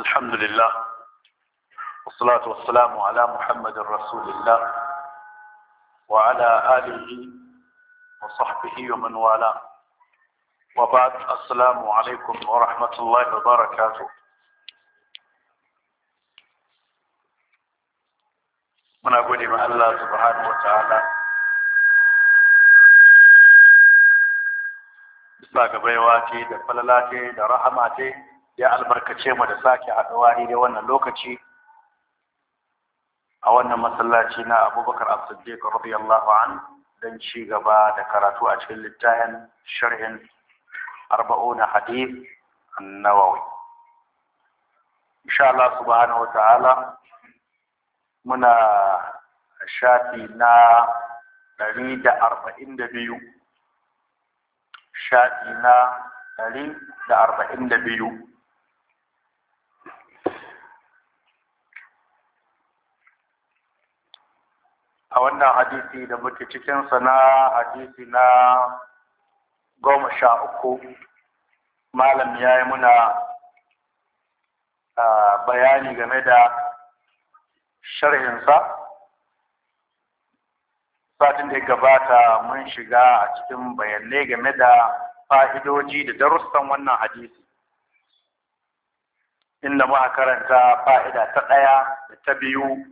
الحمد لله والصلاة والسلام على محمد رسول الله وعلى آله وصحبه ومن والاه وبعد السلام عليكم ورحمة الله وبركاته من أقول ما الله سبحانه وتعالى بسم الله baiwa ce ya albarkace mu da sake haɗuwa daidai wannan lokaci a wannan masallaci na abubakar as-siddiq radiyallahu an don ci gaba da karatu a cikin littafin sharhin arba'una hadith an-nawawi insha Allah subhanahu wata'ala muna shafi na ɗari da arba'in da biyu shafi na ɗari da arba'in da biyu a wannan hadisi da muke cikinsa na hadisi na goma sha uku malam ya yi muna bayani game da sharhinsa satin da ya gabata mun shiga a cikin bayanai game da fa'idoji da darussan wannan hadisi inda muka karanta fa'ida ta ɗaya da ta biyu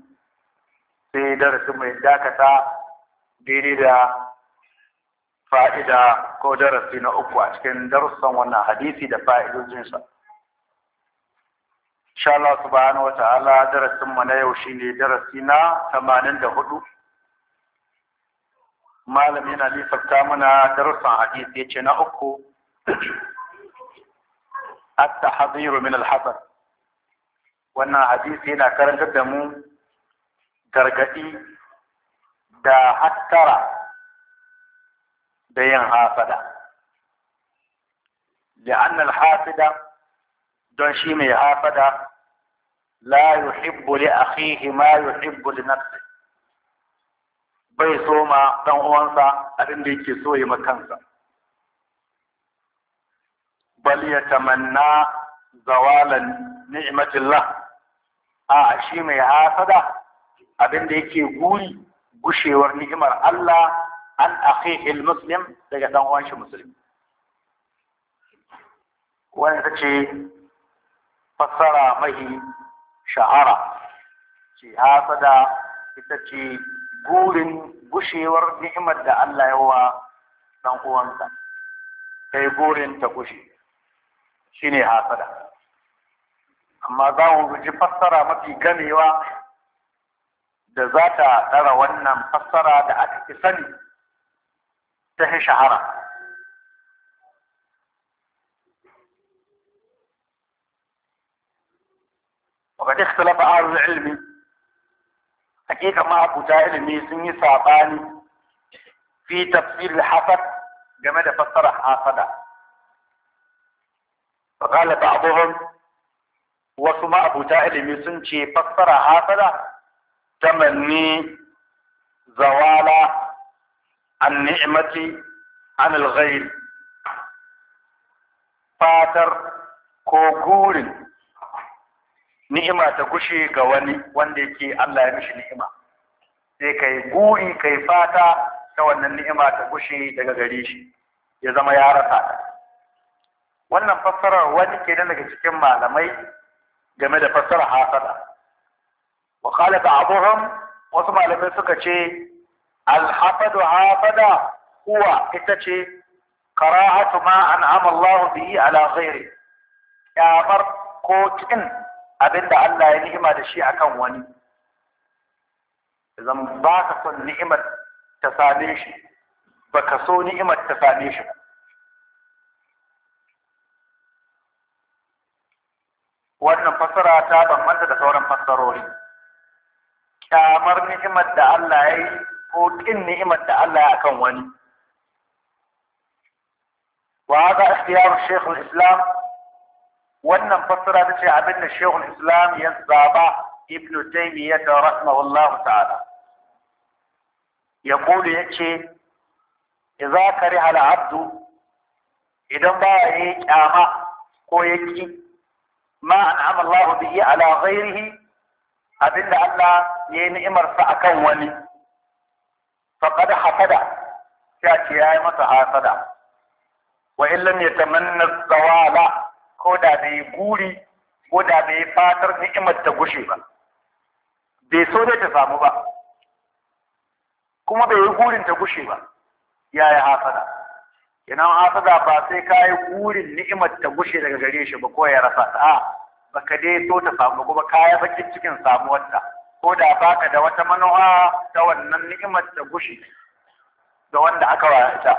sai darasin mai dakata daidai da fa'ida ko darasi na uku a cikin darussan wannan hadisi da fa'idojinsa. Sha Allah subhanahu wata ala darasin na yau ne darasi na 84. Malam yana lisafta mana darussan hadisi ya ce na uku Atta tahdhir min al-hasan. Wannan hadisi yana karantar da mu gargaɗi da hattara da yin hafada لأن الحافدة دون شي مي حافدة لا يحب لأخيه ما يحب لنفسه bai so ma ɗan uwansa abin da yake so ya kansa. bal ya tamanna zawalan ni'matillah a shi mai hasada abin da yake guri gushewar ni'imar Allah an akhihil muslim daga dan uwan shi musulmi wannan ta ce fassara mahi shahara ce hasada ita ce gurin gushewar ni'imar da Allah ya wa dan uwansa kai gurin ta gushe shine hasada amma za mu ji fassara mafi gamewa da za ta tsara wannan fassara da aka fi sani ta fi shahara وقد اختلف أهل العلم حقيقة ما أبو جاهل ميسن صعباني في تفسير الحسد جمد فسر حاسدا فقال بعضهم وسمع أبو جاهل ميسن فسر حاسدا tamanni zawala an ni'imati an alghair fatar ko gurin ni'ima ta gushi ga wani wanda yake Allah ya mishi ni'ima sai kai guri kai fata ta wannan ni'ima ta gushe daga gare shi ya zama ya rasa wannan fassarar wani kenan daga cikin malamai game da fassarar hasada wa qala ba'dhum wasu malamai suka ce al-hafadu hafada huwa ita ce karahatu ma an'ama Allah bihi ala ghairi kyamar ko kin abinda Allah ya ni'ima da shi akan wani zan ba ka son ni'imar ta same shi baka so ni'imar ta same shi wannan fassara ta bambanta da sauran fassarori kyamar ni'imar da Allah ya yi ko ƙin ni'imar da Allah ya akan wani wa haka ikhtiyar shekul islam wannan fassara ta ce abinda da islam ya zaba ibn taymiyyah rahimahullahu ta'ala يقول يكي إذا Idan ba ya yi kyama ko yaki ma an'ama Allah bihi ala ghairihi abinda Allah ya yi ni'imarsa a kan wani faƙada hasada ya ce ya yi masa hasada wa illam ya tamanna zawala ko da bai yi guri ko da bai yi fatar ni'imar ta gushe ba bai so ne ta samu ba kuma bai yi gurin ta gushe ba ya yi hasada ina hasada ba sai ka yi gurin ni'imar ta gushe daga gare shi ba ko ya rasa ta ba ka dai so ta samu kuma ka yi baƙin cikin ta. ko da baka da wata manuwa ta wannan ni'imar ta gushi ga wanda aka waya ta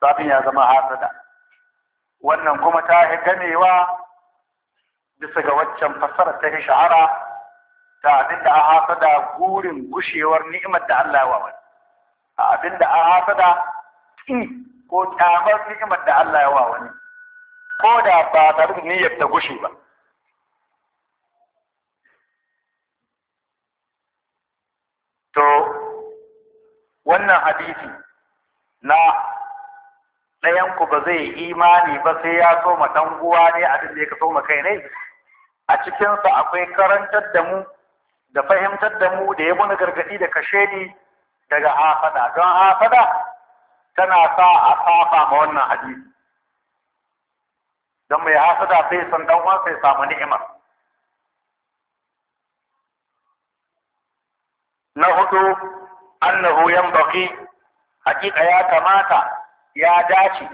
zafin ya zama hasada wannan kuma ta yi ganewa bisa ga waccan fassara ta yi shahara ta abinda a hasada gurin gushewar ni'imar da Allah wa wani a abin da a hasada ƙi ko kyamar ni'imar da Allah ya wa wani ko da ba ta da niyyar ta gushe ba wannan hadisi na ɗayan ku ba zai imani ba sai ya so ma ɗan uwa ne abin da ya so ma kai ne a cikin akwai karantar da mu da fahimtar da mu da ya muna gargadi da kashe ni daga hafada don hafada tana sa a safa ma wannan hadisi don mai hafada sai san dan uwa sai samu ni'ima na hudu annahu baki, hakika ya kamata ya dace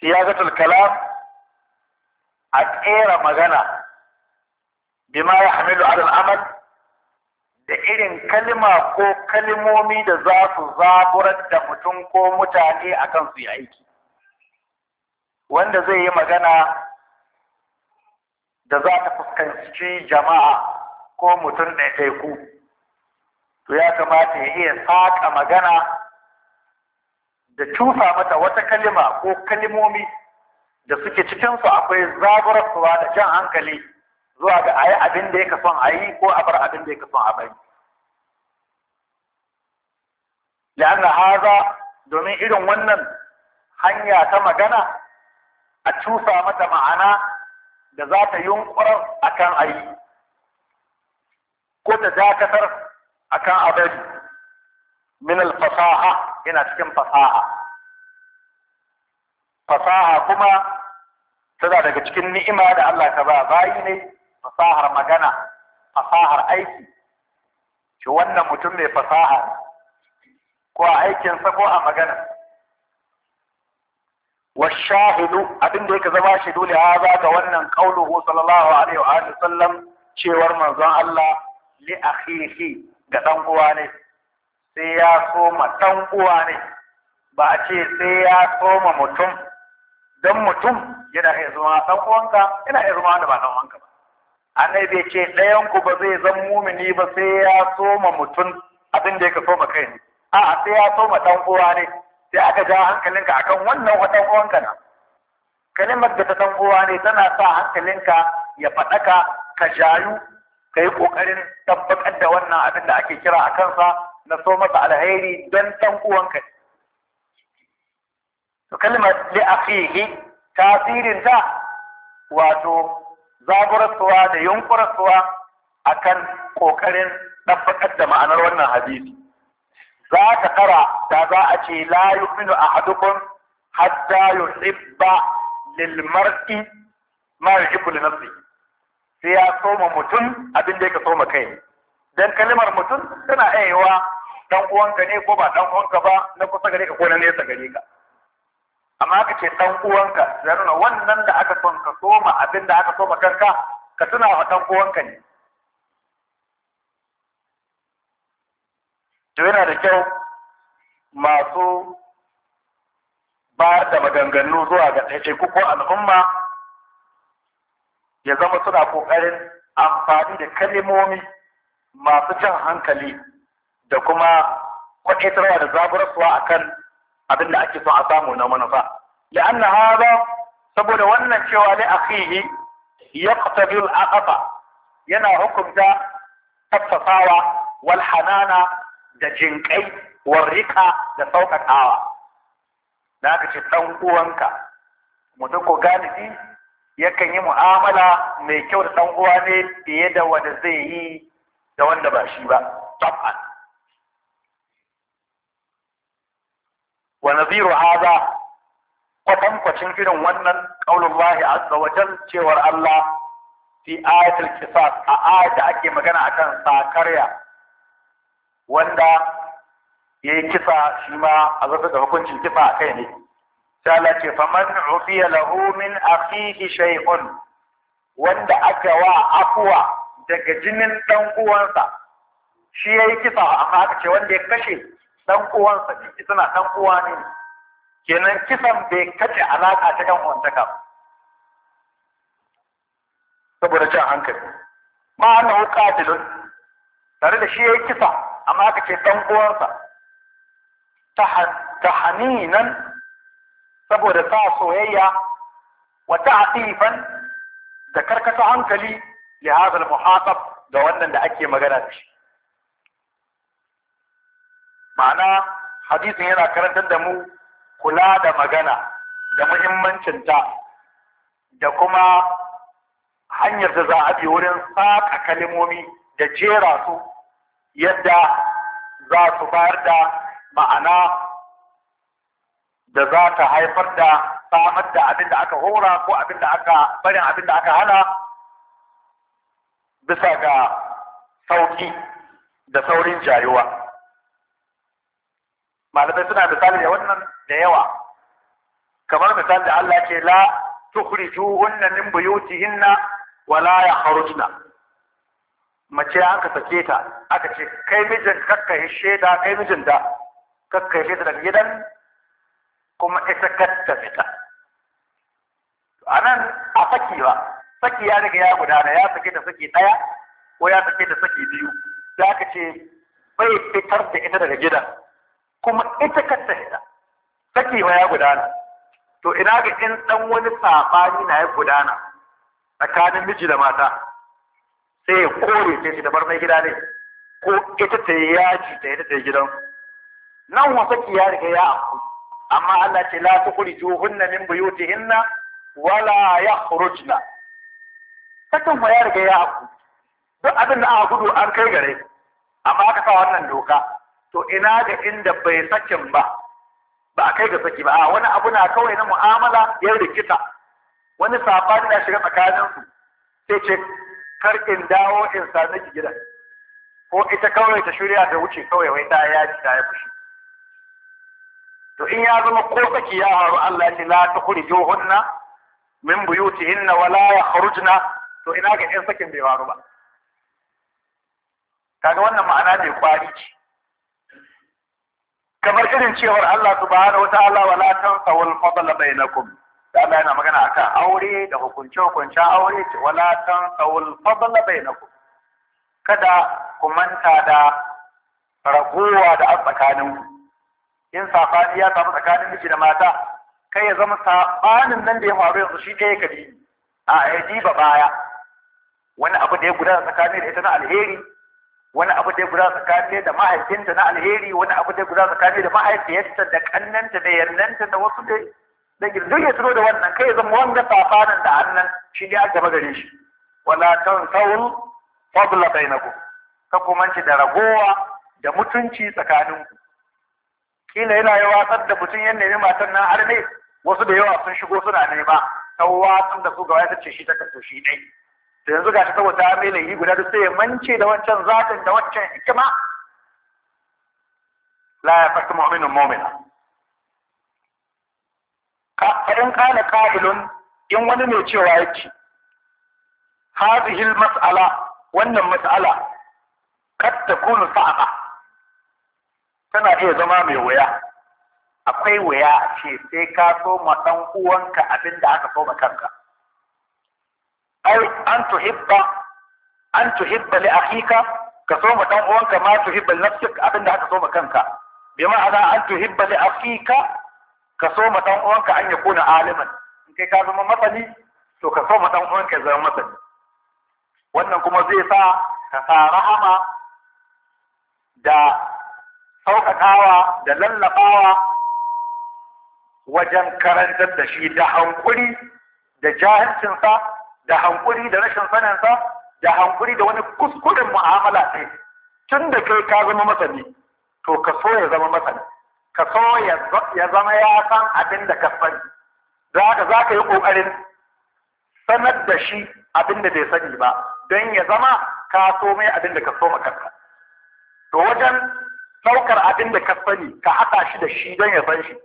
siyasatul kalam a kera magana bima ya hamilu alal amal da irin kalima ko kalimomi da za su zaburar da mutum ko mutane a kan su yi aiki wanda zai yi magana da za ta fuskanci jama'a ko mutum ku. to ya kamata ya iya saƙa magana da cusa mata wata kalima ko kalimomi da suke cikinsu akwai zaburarsuwa da jan hankali zuwa ga a abin da ya son a yi ko a bar abin da ya son a bari. La'anna haza domin irin wannan hanya ta magana a cusa mata ma'ana da za ta yunkurar a kan a ko ta dakatar akan abadi min fasaha yana cikin fasaha fasaha kuma tana daga cikin ni'ima da Allah ka ba bayi ne fasahar magana fasahar aiki shi wannan mutum mai fasaha ko a aikinsa ko a magana والشاهد abin da yake zama shaidu ne haza ga wannan qauluhu sallallahu alaihi wa sallam cewar manzon Allah li akhihi ga ɗan uwa ne sai ya soma ɗan uwa ne ba a ce sai ya soma mutum don mutum yana iya zama ɗan uwanka yana iya zama da ba ɗan uwanka ba annabi bai ce ɗayan ku ba zai zan mumini ba sai ya soma mutum abin da yake soma kai ne a'a sai ya soma ɗan uwa ne sai aka ja hankalinka akan wannan wa ɗan uwanka na kalimar da ta ɗan uwa ne tana sa hankalinka ya faɗaka ka jayu kai kokarin tabbatar da wannan abin da ake kira a kansa na so masa alheri don dan uwanka to kalmar li akhihi tasirin ta wato zaburarsuwa da yunkurarsuwa akan kokarin tabbatar da ma'anar wannan hadisi za ta kara da za a ce la yu'minu ahadukum hatta yuhibba lil mar'i ma yuhibbu li nafsihi sai ya soma mutum abin da ya ka soma kai dan kalmar mutum tana aiwa dan uwanka ne ko ba dan uwanka ba na kusa gare ka ko na nesa gare ka amma ka ce dan uwanka zai wannan da aka son ka soma abin da aka soma kanka ka tuna wa dan uwanka ne to yana da kyau masu ba da maganganu zuwa ga ɗaiɗaiku ko al'umma ya zama suna ƙoƙarin amfani da kalimomi masu jan hankali da kuma kwaɗaitarwa da zaburarsuwa a kan abin da ake son a samu na manufa. La'anna haza saboda wannan cewa li ya yaqtabi a ƙafa, yana hukunta tattafawa wal hanana da jinƙai warrika da sauƙaƙawa. Na aka ce ɗan uwanka, mutum ko galibi yakan yi mu'amala mai kyau da ɗan uwa ne fiye da wanda zai yi da wanda ba shi ba tab'an wa nadhiru hada kwatankwacin irin wannan qaulullahi azza wa jal cewar Allah fi ayatul kisas a ayat da ake magana akan sakarya wanda yayi kisa shi ma a zata da hukuncin kisa a kai ne sai ce faman ufiya lahu min akhihi shay'un wanda aka wa afuwa daga jinin dan uwansa shi yayi kisa amma aka ce wanda ya kashe dan uwansa ne suna dan uwa ne kenan kisan bai kace alaka ta dan uwantaka saboda cin hankali ma annahu qatilun tare da shi yayi kisa amma aka ce dan uwansa tahaninan saboda sa soyayya wa ta'tifan da karkata hankali li hadha al-muhatab ga wannan da ake magana da shi ma'ana hadisin yana karantar da mu kula da magana da muhimmancinta da kuma hanyar da za a bi wurin saƙa kalmomi da jera su yadda za su bayar da ma'ana da za ta haifar da samar da abin da aka hora ko abin da aka barin abin da aka hana bisa ga sauki da saurin jayuwa malamai suna misali da wannan da yawa kamar misali da Allah ke la tukhrijuhunna min buyutihinna wa la yakhrujna mace aka sake ta aka ce kai mijin kakka shaida kai mijin da kakka daga gidan kuma ita katta fita a nan a saki ba saki ya riga ya gudana ya saki da saki ɗaya ko ya saki da saki biyu za ka ce bai fitar da ita daga gidan kuma ita katta fita saki ba ya gudana to ina ga in ɗan wani saɓani na ya gudana tsakanin miji da mata sai ya kore ce shi da bar mai gida ne ko ita ta yi yaji ta ita ta yi gidan nan wasa ki ya riga ya amfani. amma Allah ce la na min buyutihinna wala yakhrujna sakin ya riga ya aku duk abin da aka gudu an kai gare amma aka sa wannan doka to ina ga inda bai sakin ba ba a kai ga saki ba a wani abu na kawai na mu'amala ya rikita wani sabani na shiga tsakaninsu sai ce kar in dawo in sami ki gidan ko ita kawai ta shirya ta wuce kawai wai ta yaji ta ya fushi to in ya zama ko kake ya haru Allah ya ce la hunna min buyutihinna wala la yakhrujna to ina ga ɗan sakin bai waru ba kaga wannan ma'ana ne kwari ce kamar irin cewar Allah subhanahu wataala wala la tansawul fadl bainakum da Allah yana magana akan aure da hukunce-hukuncen aure ce wala tansawul fadl bainakum kada ku manta da ragowa da a tsakaninku in safani ya samu tsakanin miji da mata kai ya zama sabanin nan da ya faru yanzu shi ka kabi a ya ba baya wani abu da ya gudana tsakanin da ita na alheri wani abu da ya gudana tsakanin da mahaifinta na alheri wani abu da ya gudana tsakanin da mahaifiyarta da kannanta da yarnanta da wasu da da girdin ya tuno da wannan kai ya zama wanda safanin da annan shi ne a gaba gare shi wala tansawul fadla bainakum ka kuma da ragowa da mutunci tsakaninku kila yana yi watsar da mutum ya nemi matan nan har ne wasu da yawa sun shigo suna nema ta watsar da su gaba ta ce shi ta kaso shi dai to yanzu gashi saboda ta mai yi guda da sai ya mance da wancan zatin da wancan hikima la yafatu mu'minun mu'mina ka in kana kabilun, in wani mai cewa yake hadhihi al-mas'ala wannan mas'ala kad takunu sa'a. tana iya zama mai wuya akwai wuya ce sai ka so ma dan uwanka abin da aka so ma kanka ai an tuhibba an tuhibba li akhika ka so ma dan uwanka ma tuhibba nafsika abin da aka so ma kanka bi ana an tuhibba li akhika ka so ma dan uwanka an yakuna aliman in kai ka zama masani to ka so ma dan uwanka zama masani wannan kuma zai sa ka sa rahama da sauƙaƙawa da lallaɓawa wajen karantar da shi da hankuri da jahilcinsa da hankuri da rashin saninsa da hankuri da wani kuskuren mu'amala ɗaya tun da kai ka zama masani to ka so ya zama masani ka so ya zama ya san abin da ka sani za ka za ka yi ƙoƙarin sanar da shi abin da bai sani ba don ya zama ka so mai abin da ka so makarta to wajen ɗaukar abin da ka sani ka haɗa shi da shi don ya san shi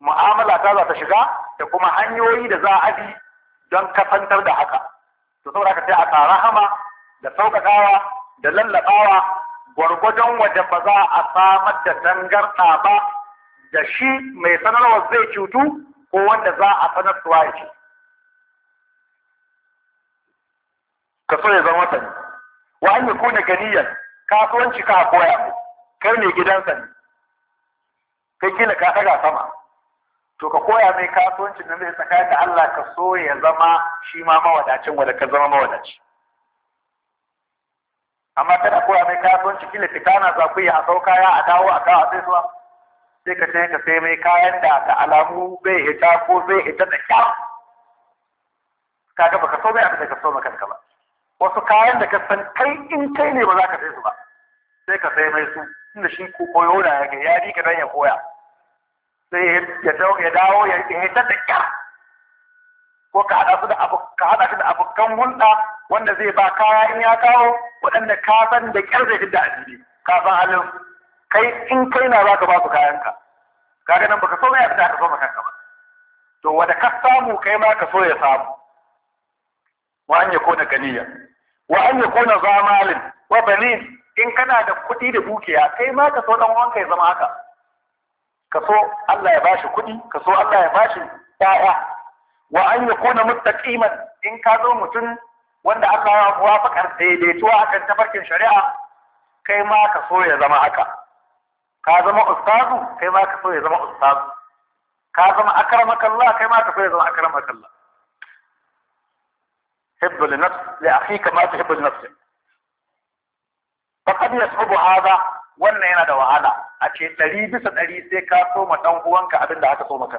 mu'amala ta za ta shiga da kuma hanyoyi da za a bi don kasantar da haka to saboda ka sai a tsara hama da sauƙaƙawa da lallaɓawa gwargwadon wajen ba za a samar da dangarɗa ba da shi mai sanarwa zai cutu ko wanda za a sanar suwa ya ce ka so ya zama sani wa an yi kuna ganiyar kasuwanci ka koya mu kar ne gidansa ne kai kila ka ɗaga sama to ka koya mai kasuwancin nan zai tsaka da Allah ka so ya zama shi ma mawadacin wanda ka zama mawadaci amma kada koya mai kasuwanci kila fita na ku a sau kaya a dawo a kawo a sai zuwa sai ka sai ka sai mai kayan da ta alamu bai hita ko zai hita da kyau ga baka so mai abin da ka so maka ba wasu kayan da ka san kai in kai ne ba za ka sai su ba sai ka sai mai su inda shi ko koyo da yake ya bi ka dan ya koya sai ya dawo ya dawo ya ta da kyar ko ka hada su da abu ka hada su da abokan hulɗa wanda zai ba kaya in ya kawo waɗanda ka san da kyar zai fidda asiri ka san halin kai in kai na zaka ba su kayanka kaga nan baka so ya fita ka so ka ba to wanda ka samu kai ma ka so ya samu wa an yakuna ganiya wa an yakuna zamalin wa banin in kana da kuɗi da dukiya kai ma ka so dan uwanka ya zama haka ka so Allah ya bashi kuɗi ka so Allah ya bashi ƴaƴa wa an yakuna muttaqiman in ka zo mutum wanda aka wafakar daidaituwa akan tafarkin shari'a kai ma ka so ya zama haka ka zama ustazu kai ma ka so ya zama ustazu ka zama akramakallah kai ma ka so ya zama akramakallah hibbu li nafsi, li akhika ma tuhibbu li nafsi. qad yasbu hadha wannan yana da wahala a ce ɗari bisa ɗari sai ka so ma ɗan uwanka abin da aka so maka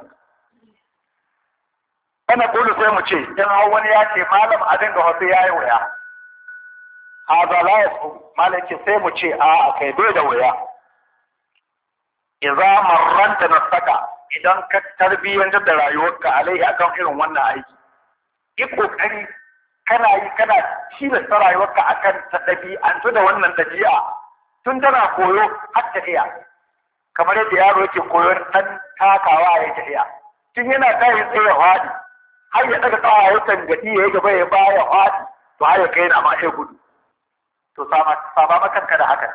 ana kulu sai mu ce in har wani ya ce malam abin da hoto ya yi waya. hadha la yasbu malam ce sai mu ce a kai bai da waya idza marranta saka idan ka tarbiyyantar da rayuwarka alai akan irin wannan aiki ki kokari kana yi kana ka rayuwarka kan ta ɗabi'antu da wannan ɗabi'a tun tana koyo har ta kamar yadda yaro yake koyon ɗan takawa ya tafiya tun yana tayin tsaye ya har ya ɗaga tsawa ya gaɗi ya yi gaba ya ba ya to har ya kai na ma gudu to saba makanka da haka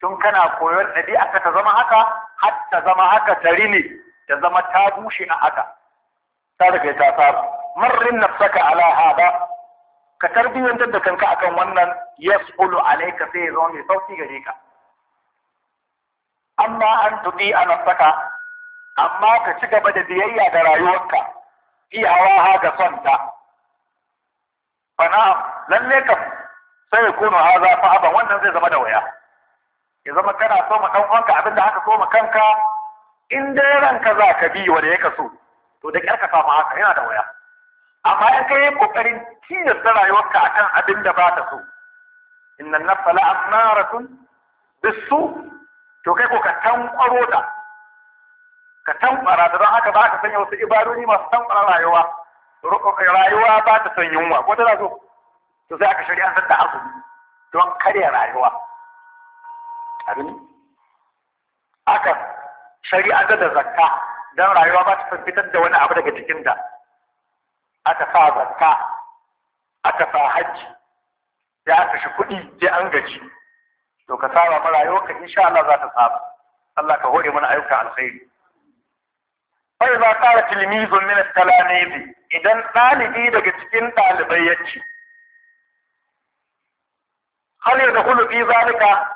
tun kana koyon ɗabi'a ka ta zama haka har ta zama haka ta rini ta zama ta bushe na haka ta ta saba marrin saka ala hada ka tarbiyyantar da kanka akan wannan yasulu alayka sai zo zama mai sauki gare ka amma an tudi ana saka amma ka ci gaba da biyayya da rayuwarka iyawa ha ga son ta fana lalle ka sai ya kuno ha za fa aban wannan zai zama da waya ya zama kana so ma dan uwanka abinda aka so ma kanka in dai ranka za ka bi wanda yake so to da kyar ka samu haka yana da waya amma in kai kokarin tilasta rayuwarka akan abin da ba ta so inna nafsa la amaratun bisu to kai ko ka tankwaro ta ka tankwara da don haka ba ka sanya wasu ibadoni masu tankwara rayuwa rayuwa ba ta son yunwa ko tana so to sai aka shari'a da azumi don karya rayuwa abin aka shari'a da zakka don rayuwa ba ta son fitar da wani abu daga jikinta aka sa zakka aka sa hajji ya kashi kuɗi sai an gaji to ka saba ma rayuwarka insha Allah za ta saba Allah ka hore mana ayyuka alkhairi fa idza qala tilmizun min at idan ɗalibi daga cikin ɗalibai ya ci hal ya dakhulu fi zalika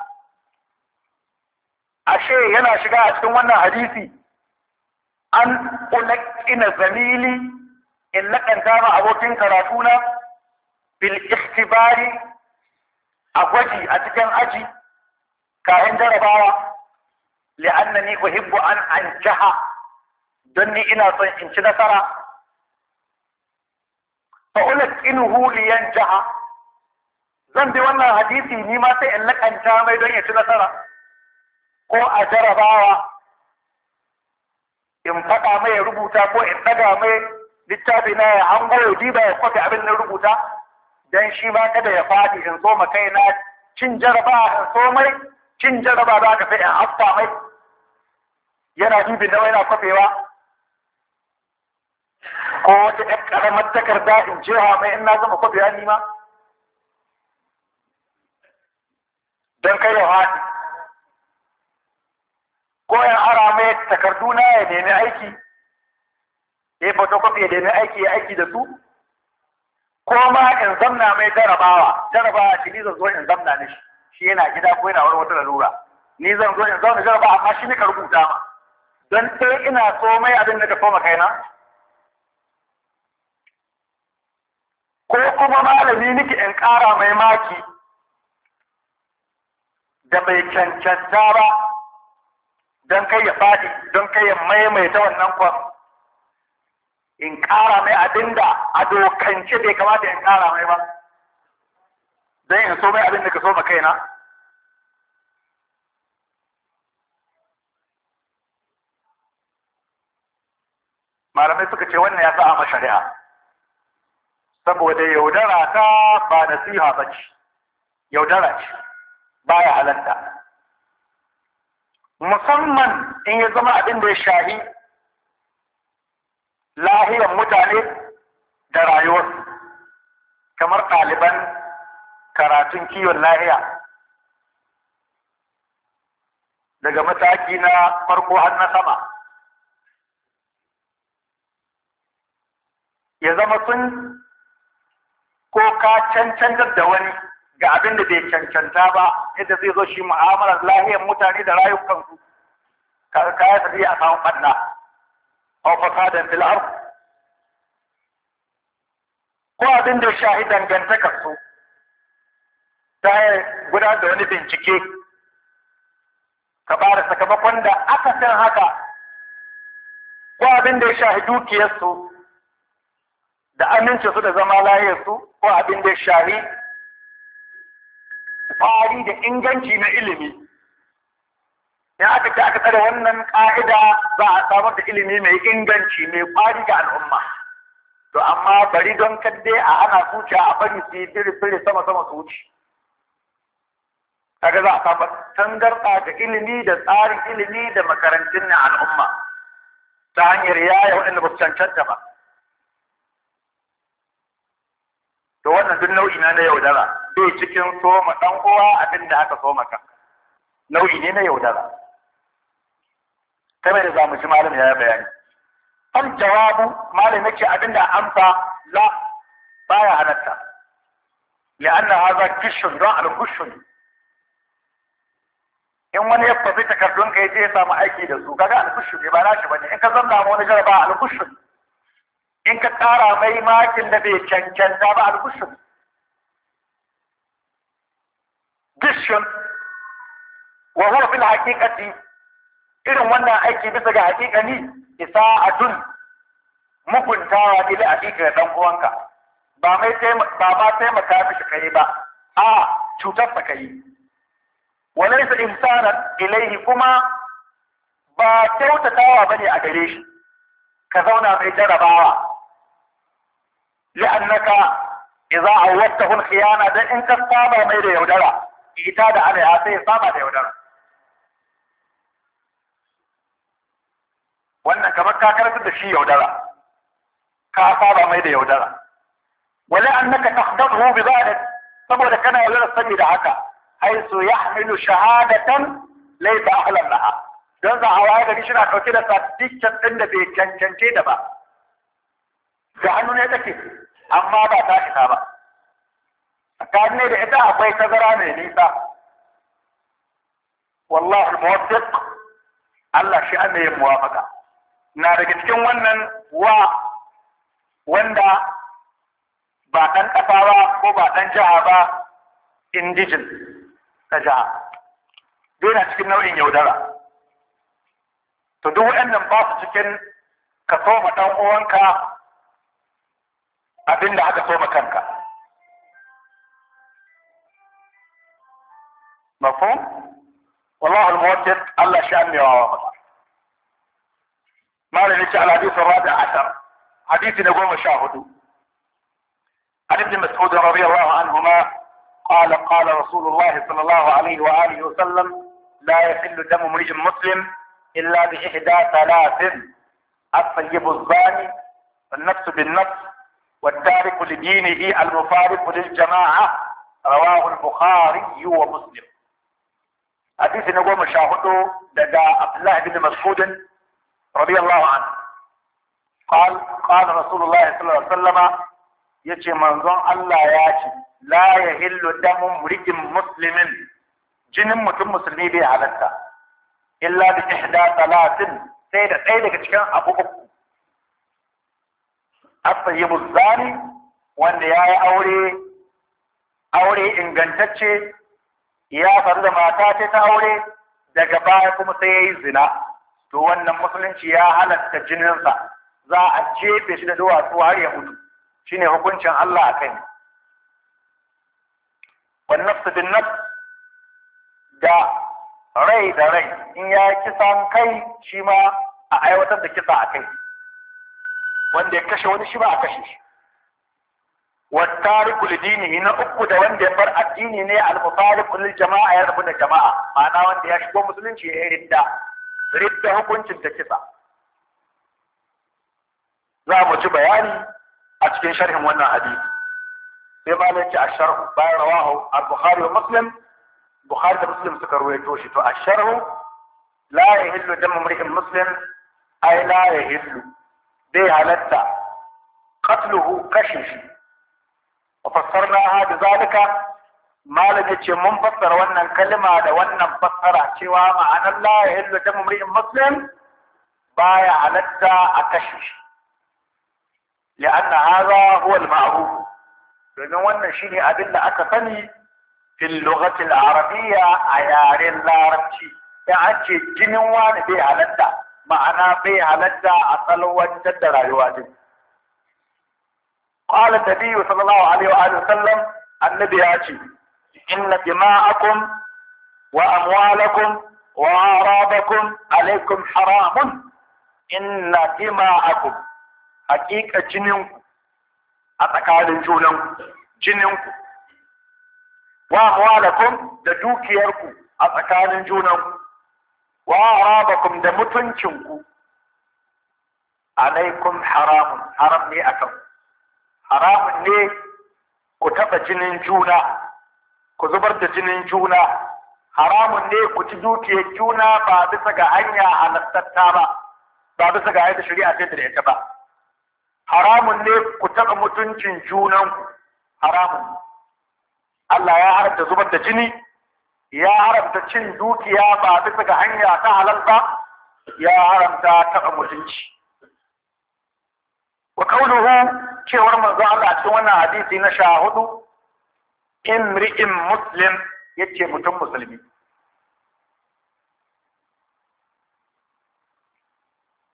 ashe yana shiga a cikin wannan hadisi an ulaqina zamili in laƙanta ma abokin karatu na bil ikhtibari a gwaji a cikin aji kayan jarabawa li'annani uhibbu an anjaha don ni ina son in ci nasara fa ulqinuhu liyanjaha zan bi wannan hadisi ni ma sai in laƙanta mai don ya ci nasara ko a jarabawa in faɗa mai rubuta ko in ɗaga mai littafi na ya hango ya diba ya kwafi abin na rubuta dan shi ma kada ya fadi in zo ma kai na cin jaraba in so mai cin jaraba za ka fi in afta mai yana dubin nawa yana kwafewa ko wata ɗan ƙaramar takarda in jeha mai in na zama kwafewa ni ma don kai ya fadi ko ya ara mai takardu na ya nemi aiki ya fotokofi da na aiki ya aiki da su ko ma in zamna mai jarabawa jarabawa shi ni zan zo in zamna ne shi shi yana gida ko yana wata lalura ni zan zo in zauna jarabawa amma shi ne ka rubuta ma don sai ina so mai abin da ka so ma kaina ko kuma malami niki in ƙara mai maki da bai cancanta ba don kai ya faɗi don kai ya maimaita wannan kwan in ƙara mai abin da a dokance bai kamata in ƙara mai ba don in so mai abin da ka so ma kaina malamai suka ce wannan ya sa a shari'a saboda yaudara ta ba nasiha ba ce yaudara ce ba ya halatta musamman in ya zama abin da ya shahi lahiyar mutane da rayuwarsu kamar ɗaliban karatun kiwon lahiya daga mataki na farko har na sama ya zama sun ko ka cancantar da wani ga abin da bai cancanta ba yadda zai zo shi mu'amalar lahiyar mutane da rayukansu ka ya a samun ɓanna aw fasadan fil ard ko abin da shahi dangantakar su ta gudanar da wani bincike ka bada sakamakon da aka san haka ko abin da ya shahi dukiyarsu da amince su da zama su, ko abin da ya shahi fari da inganci na ilimi ya aka ce aka tsare wannan ƙa'ida za a samar da ilimi mai inganci mai ƙwari ga al'umma to amma bari don kadde a ana kuce a bari su yi sama sama su wuce kaga za a samu tangarɗa da ilimi da tsarin ilimi da makarantun na al'umma ta hanyar yaya waɗanda ba su cancanta ba to wannan duk nau'i na na yaudara bai cikin soma ɗan uwa abinda aka soma ka nau'i ne na yaudara kamar da zamu ji malam ya bayani An jawabu malam yace abinda amsa la baya halatta لأن هذا كش راء الكش in wani ya kwafi takardun ka je ya samu aiki da su kaga alkushu ne ba nashi bane in ka zanna ma wani jaraba alkushu in ka tsara mai makin da bai cancanta ba alkushu dishun wa huwa fil haqiqati irin wannan aiki bisa ga a isa'atun mukuntawa ila hakikar dan uwanka ba mai ba ma taimaka mishi kai ba a cutar sa kai sa insanan ilaihi kuma ba kyautatawa bane a gare shi ka zauna mai jarabawa li'annaka idza awwattahu al-khiyana dan in ka saba mai da yaudara ita da ana ya sai saba da yaudara wannan kamar ka karantar da shi yaudara ka saba mai da yaudara wala annaka tahdadhu bi dhalik saboda kana yaudara sani da haka haisu yahmilu shahadatan laysa ahlan laha dan za a waye da shi na dauke da sadiqan din da bai cancance da ba ga hannu ne take amma ba ta kisa ba ne da ita akwai tazara mai nisa والله الموفق الله شأنه موافقة na daga cikin wannan wa wanda ba ɗan ƙasa ba ko ba ɗan jiha ba indijin ta jiha duk na cikin nau'in yaudara to duk waɗannan ba su cikin ka so ma ɗan uwanka abin da aka ma kanka mafhum wallahu al-muwaffiq Allah shi an mewa wa masa مالك يجي على الرابع عشر حديث نقوم شاهدوا عن ابن مسعود رضي الله عنهما قال قال رسول الله صلى الله عليه وآله وسلم لا يحل دم امرئ مسلم إلا بإحدى ثلاث الطيب الزاني النفس بالنفس والتارك لدينه المفارق للجماعة رواه البخاري ومسلم حديث نقوم شاهده لدى عبد الله بن مسعود رضي الله عنه قال قال رسول الله صلى الله عليه وسلم يجي منظر الله ياتي لا يهل دم امرئ مسلم جن متم مسلمي بي علتا إلا بإحدى ثلاث سيدة سيدة كتكان أبو أبو الطيب الزاني wanda ya yi aure aure ingantacce ya faru da mata ce ta aure daga baya kuma sai ya yi zina to wannan musulunci ya halatta jininsa za a jefe shi da duwatsu har ya mutu shine hukuncin Allah a kai wan nafs bin nafs da rai da rai in ya kisan kai shi ma a aiwatar da kisa a kai wanda ya kashe wani shi ba a kashe shi والتارك لدينه na uku da wanda ya bar addini ne al-mufariq lil jama'a ya rabu da jama'a ma'ana wanda ya shigo musulunci ya yi ridda ridda hukuncin ta kisa za mu ci bayani a cikin sharhin wannan hadisi sai malam ce a sharhu bayan rawahu al-bukhari wa muslim bukhari da muslim suka ruwaito shi to a sharhu la yahillu damu mri'in muslim ai la yahillu bai halatta qatluhu kashe shi wa fassarna hada zalika malam ya ce وانا fassara wannan kalma da wannan fassara cewa ma'anar la ya hillu ta mumri'in muslim baya halatta لأن هذا هو المعروف لأن وانا شيني أدل أكثني في اللغة العربية عيار العربية يعني جنوان بيها لدى معنى بيها لدى أصلوا جدا رايواتي قال النبي صلى الله عليه وآله وسلم النبي عجيب inna dima'akum wa amwalakum wa arabakum alaikum haramun inna dima'akum hakika jininku a tsakanin junanku jininku wa amwalakum da dukiyarku a tsakanin junanku wa arabakum da mutuncinku alaikum haramun haram ne akan haramun ne ku taɓa jinin juna ku zubar da jinin juna haramun ne ku ci dukiyar juna ba bisa ga hanya halattatta ba ba bisa ga ayyuka shari'a ce da ita ba haramun ne ku taɓa mutuncin junanku haramun Allah ya haramta zubar da jini ya haramta cin dukiya ba bisa ga hanya ta halal ba ya haramta taɓa mutunci wa kauluhu cewar manzo Allah cikin wannan hadisi na sha hudu imri'in muslim ce mutum musulmi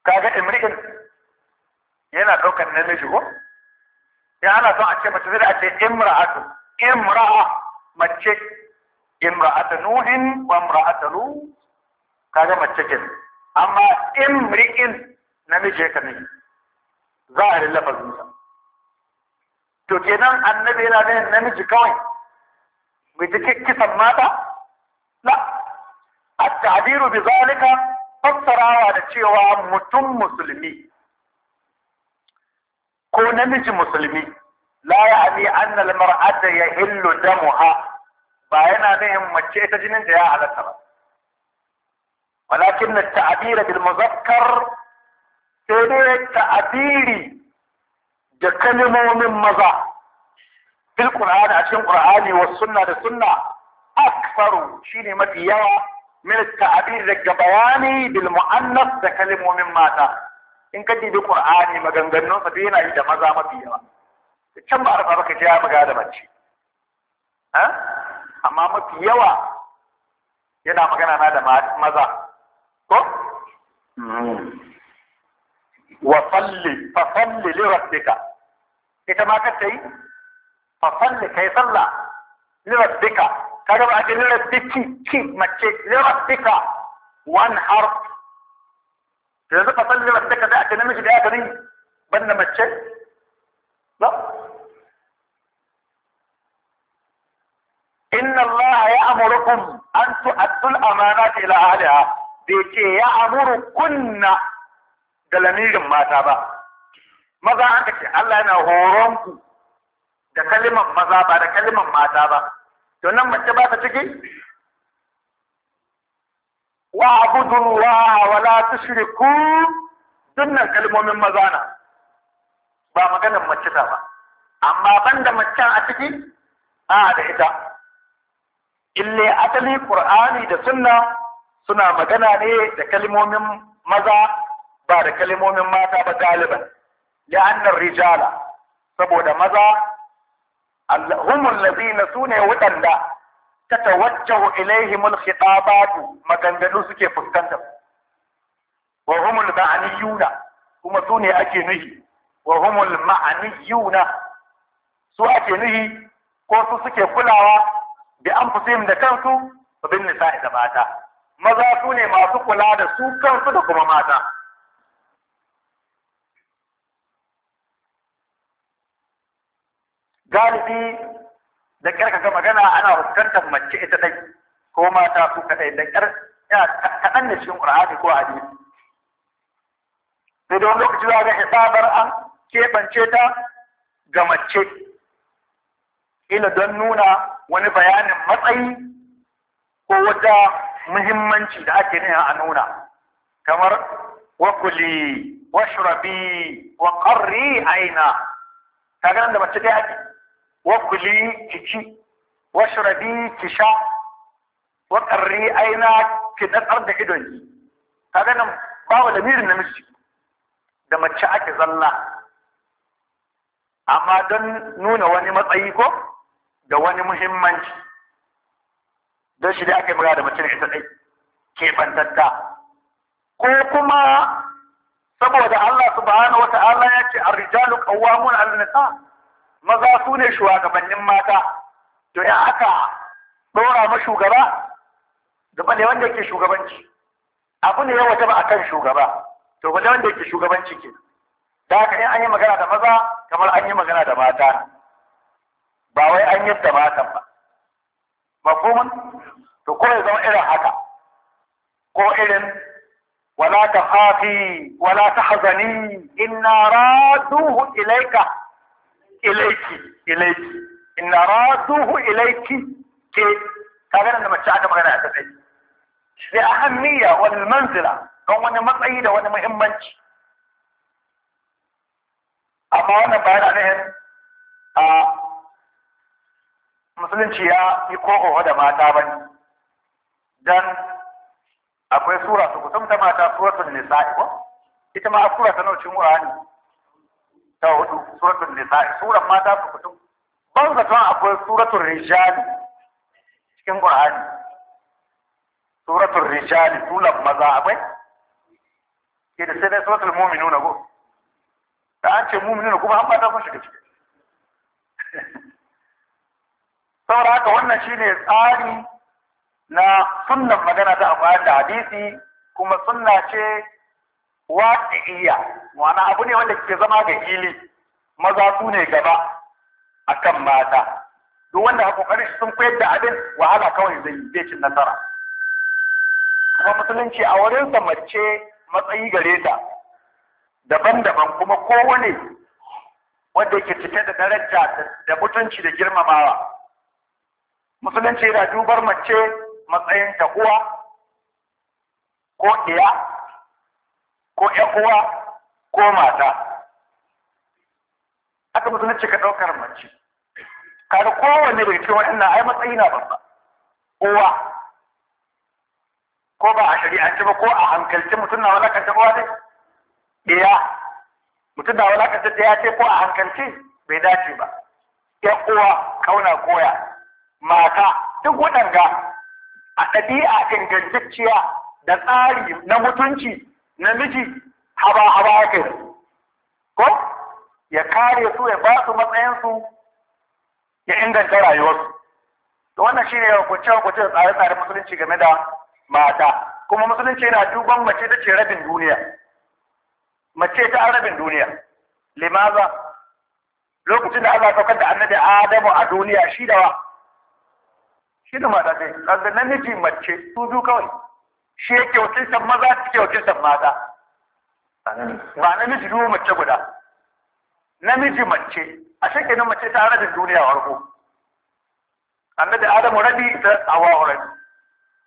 kaga imri'in yana ɗaukar namiji ko ya ana son a ce mace zai a ce imra'atu imra'a mace imra'atu nuhin wa imra'atu lu kaga mace ce. amma imri'in namiji ya yake ne zahirin lafazinsa to kenan annabi yana da namiji kawai بذكك سماتا لا التعبير بذلك فسر على شيوا متم مسلمي كون نمج مسلمي لا يعني ان المرأة يهل دمها باينا بهم مجيئة جنين ديا على ترى ولكن التعبير بالمذكر تبير التعبيري دكلمو من مذاق bil qur'ani a cikin qur'ani wa sunna da sunna aksaru shine mafi yawa min ta'abir daga bayani bil mu'annas da kalimomin mata in ka dibi qur'ani maganganun sa yana yi da maza mafi yawa can ba arfa baka ji ya da mace ha amma mafi yawa yana magana na da maza ko hmm. wa salli fa salli li rabbika ita ma ka tayi فصل كي صلى لربك كذب أجل لربك كي ما تشيك لربك وانحر لذا فصل لربك ذا أجل نمش ذا أجل بنا ما تشيك لا إن الله يأمركم أن تؤدوا الأمانات إلى أهلها ديكي كنا دلنير ما تابا ماذا عندك الله أنا هورونكم da kalimar maza ba da kalimar mata ba to nan mace ba ta ciki wa abudu wa la tushriku dunnan kalmomin maza na ba maganar mace ta ba amma banda macen a ciki a da ita ille asali qur'ani da sunna suna magana ne da kalimomin maza ba da kalimomin mata ba galiban li'annar rijala saboda maza humul ladina sune waɗanda tatawajjahu mulki khitabatu maganganu suke fuskantar wa humul yuna kuma su ne ake nuhi wa humul ma'ani yuna su ake nuhi ko su suke kulawa bi anfusihim da kansu bin nisa'i da mata maza su ne masu kula da su kansu da kuma mata galibi da karkaka magana ana fuskantar mace ita dai ko mata su kadai da kar kadan da cikin ƙur'ani ko hadisi sai don lokaci za ga hisabar an keɓance ta ga mace ila don nuna wani bayanin matsayi ko wata muhimmanci da ake nuna a nuna kamar wakuli washrabi wa qarri aina kaga nan da mace dai ake wakuli ki ci wa ki sha wa qarri aina ki datsar da idon ki kaga nan babu mirin namiji da mace ake zalla amma don nuna wani matsayi ko da wani muhimmanci don shi da ake mura da mace da ita ɗai keɓantatta ko kuma saboda Allah subhanahu wa ta'ala ya ce arrijalu qawwamun 'ala nisa maza su ne shugabannin mata to ya aka ɗora ma shugaba gaba ne wanda ke shugabanci abu ne ya ba a kan shugaba to gaba wanda ke shugabanci ke da haka in an yi magana da maza kamar an yi magana da mata ba wai an yi da matan ba mafhumun to ko zama irin haka ko irin wala ta hafi wala ta hazani inna raduhu ilaika ilaiki ilaiki inna raduhu ilaiki ke kaga da mace aka magana a kai sai ahammiya wal manzila don wani matsayi da wani muhimmanci amma wannan bayan ainihin a musulunci ya yi koho da mata ba ne. dan akwai sura su kusan ta mata suratul nisa'i ko ita ma a sura ta naucin wurare ta hudu suratun nisa'i suran mata su fito ban zaton akwai suratun rijali cikin qur'ani suratun rijali suran maza akwai ke da sai dai suratul mu'minuna go da an ce mu'minuna kuma an mata sun shiga ciki saboda haka wannan shine tsari na sunnan magana ta amfani da hadisi kuma sunna ce iya. Wani abu ne wanda ke zama ga hili maza su ne gaba akan mata duk wanda a kokarin sun koyar da abin wahala kawai zai zai cin nasara kuma musulunci a wurin sa mace matsayi gare ta daban-daban kuma kowane wanda ke cike da daraja da mutunci da girmamawa musulunci yana dubar mace matsayin ta uwa ko iya ko ƴan uwa ko mata aka ce ka ɗaukar mace kada kowanne daga cikin waɗannan ai matsayi na babba uwa ko ba a shari'ance ba ko a hankalce mutum na wani kanta uwa dai ɗaya mutum na wani kanta ɗaya ce ko a hankalce bai dace ba ƴan uwa kauna koya mata duk waɗanga a ɗabi'a ingantacciya da tsari na mutunci namiji haba haba yake ko ya kare su ya ba su matsayinsu ya inganta rayuwarsu to wannan shine hukunce hukunce da tsare tsare musulunci game da mata kuma musulunci yana duban mace ta ce rabin duniya mace ta rabin duniya limaza lokacin da Allah saukar da annabi Adamu a duniya shi da wa shi da mata ce kaga namiji mace su biyu kawai shi yake wakiltar maza su ke wakiltar mata ba namiji duwa mace guda namiji mace a kenan mace ta rabin duniya warko annabi adamu rabi da hawa rabi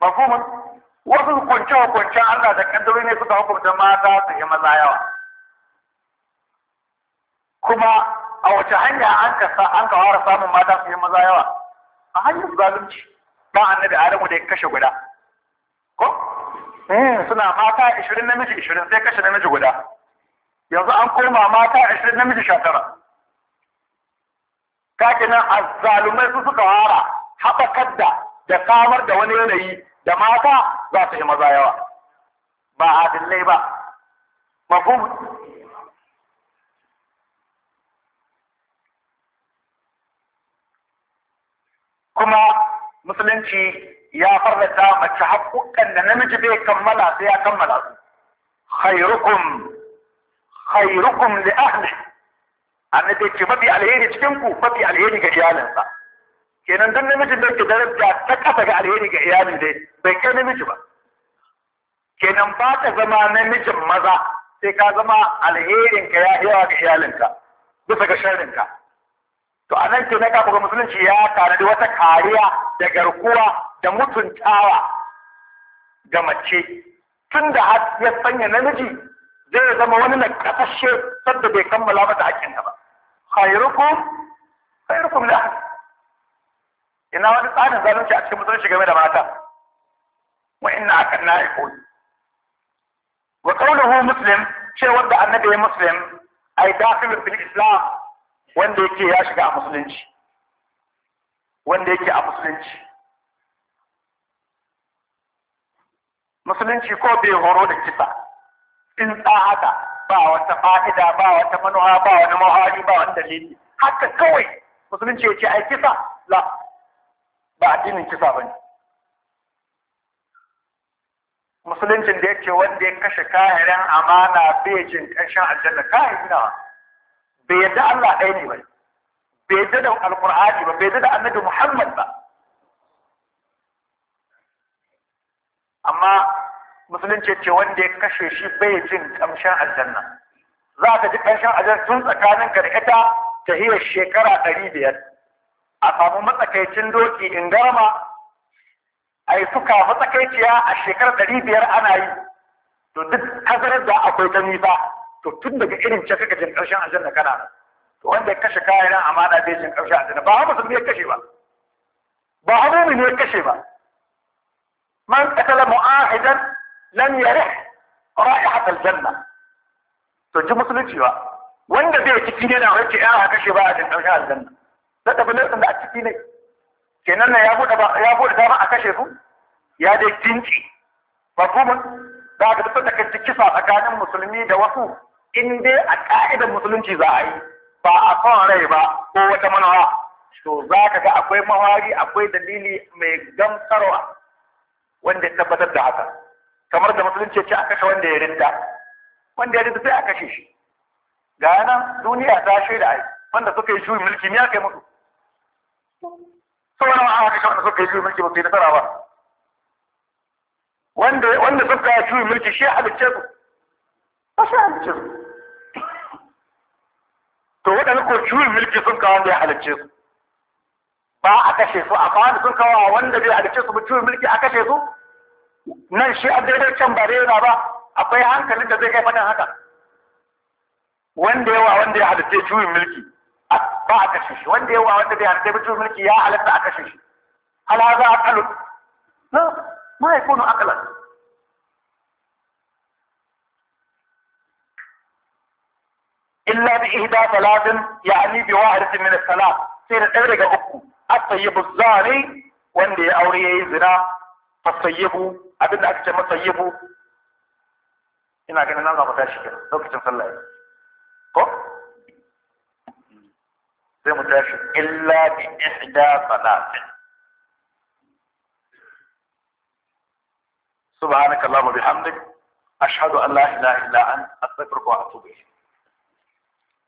mafhumin wasu hukunce hukuncen Allah da kaddaro ne suka hukunta mata su yi maza yawa kuma a wace hanya an ka an ka fara samun mata su yi maza yawa a hanyar zalunci ba annabi adamu da ya kashe guda ko suna mata ishirin namiji ishirin sai kashe namiji guda yanzu an koma mata ishirin namiji sha tara kakinan azzalumai su suka wara haɓakar da da samar da wani yanayi da mata za su yi maza yawa ba adillai ba mafhum kuma musulunci ya farata mace haƙuƙan da namiji bai kammala sai ya kammala su khairukum khairukum li ahli annabi ce mafi alheri cikin ku mafi alheri ga iyalinsa kenan duk namijin da ke daraja ta kasa ga alheri ga iyalin dai bai kai namiji ba kenan ba ka zama namijin maza sai ka zama alherin ka ya yawa ga iyalinka bisa ga sharrinka to anan ke na kafa musulunci ya tanadi wata kariya da garkuwa da mutuntawa ga mace tun da har ya sanya namiji zai zama wani na kasashe sadda bai kammala mata hakkin ba khairukum khairukum la ina wani tsarin zalunci a cikin mutunci game da mata wa inna akanna ikun wa qawluhu muslim cewar da annabi muslim ai dakhil fil islam wanda yake ya shiga a musulunci wanda yake a musulunci musulunci ko bai horo da kisa in ta haka ba wata fa'ida ba wata manuwa ba wani mahari ba wani dalili haka kawai musulunci ya ce ai kisa la ba addinin kisa ba ne musuluncin da ya ce wanda ya kashe kayan amana bai jin ƙarshen aljanna kahirin na bai yadda Allah ɗaya ne ba bai yadda da alƙur'ani ba bai yadda da annabi Muhammad ba amma musulunci ce wanda ya kashe shi bai jin kamshin aljanna za ka ji kamshin aljanna tun tsakanin ka da ita ta hiyar shekara ɗari biyar a samu matsakaicin doki in gama a yi suka matsakaiciya a shekara ɗari biyar ana yi to duk tazarar da akwai ta nisa to tun daga irin ce kaka jin ƙarshen aljanna kana to wanda ya kashe kayan amana bai jin ƙarshen aljanna ba ha ne ya kashe ba ba ha ne ya kashe ba من قتل معاهدا لم يرح رائحة الجنة to ji musulunci ba wanda zai ciki ne na wace ya ba a cikin ɗaukar aljanna da tafi da a ciki ne kenan na ya buɗe ba a kashe su ya dai tinci mafhumin za ka da kan kisa tsakanin musulmi da wasu in dai a ka'idar musulunci za a yi ba a son rai ba ko wata manawa to za ka ga akwai mawari akwai dalili mai gamsarwa wanda ya tabbatar da haka kamar da musulunci ce a kashe wanda ya rinta wanda ya rinta sai a kashe shi ga nan duniya ta shaida ai wanda suka yi shuyin mulki ne aka yi mutu sauran an kashe wanda suka yi shuyin mulki ba su yi nasara ba wanda wanda suka yi shuyin mulki shi halicce su ba shi halicce su to waɗanda ko shuyin mulki sun kawo wanda ya halicce su ba a kashe su a kawai sun kawo wanda bai halice su mutuwar mulki a kashe su nan shi a daidai can ba daidai ba akwai hankalin da zai kai fatan haka wanda yawa wanda ya halice juyin mulki ba a kashe shi wanda yawa wanda bai halice mutuwar mulki ya halitta a kashe shi hal haza aqalun na ma yakunu aqlan illa bi ihda salatin ya'ni bi wahidatin min as-salat sai da daga uku at-tayyibu zani wanda ya aure yayi zina fasayyibu abinda aka ce masayyibu ina ganin na zaba tashi kenan lokacin sallah ko sai mu tashi illa bi ihda salatin سبحانك اللهم وبحمدك أشهد أن لا إله إلا أنت أستغفرك وأتوب إليك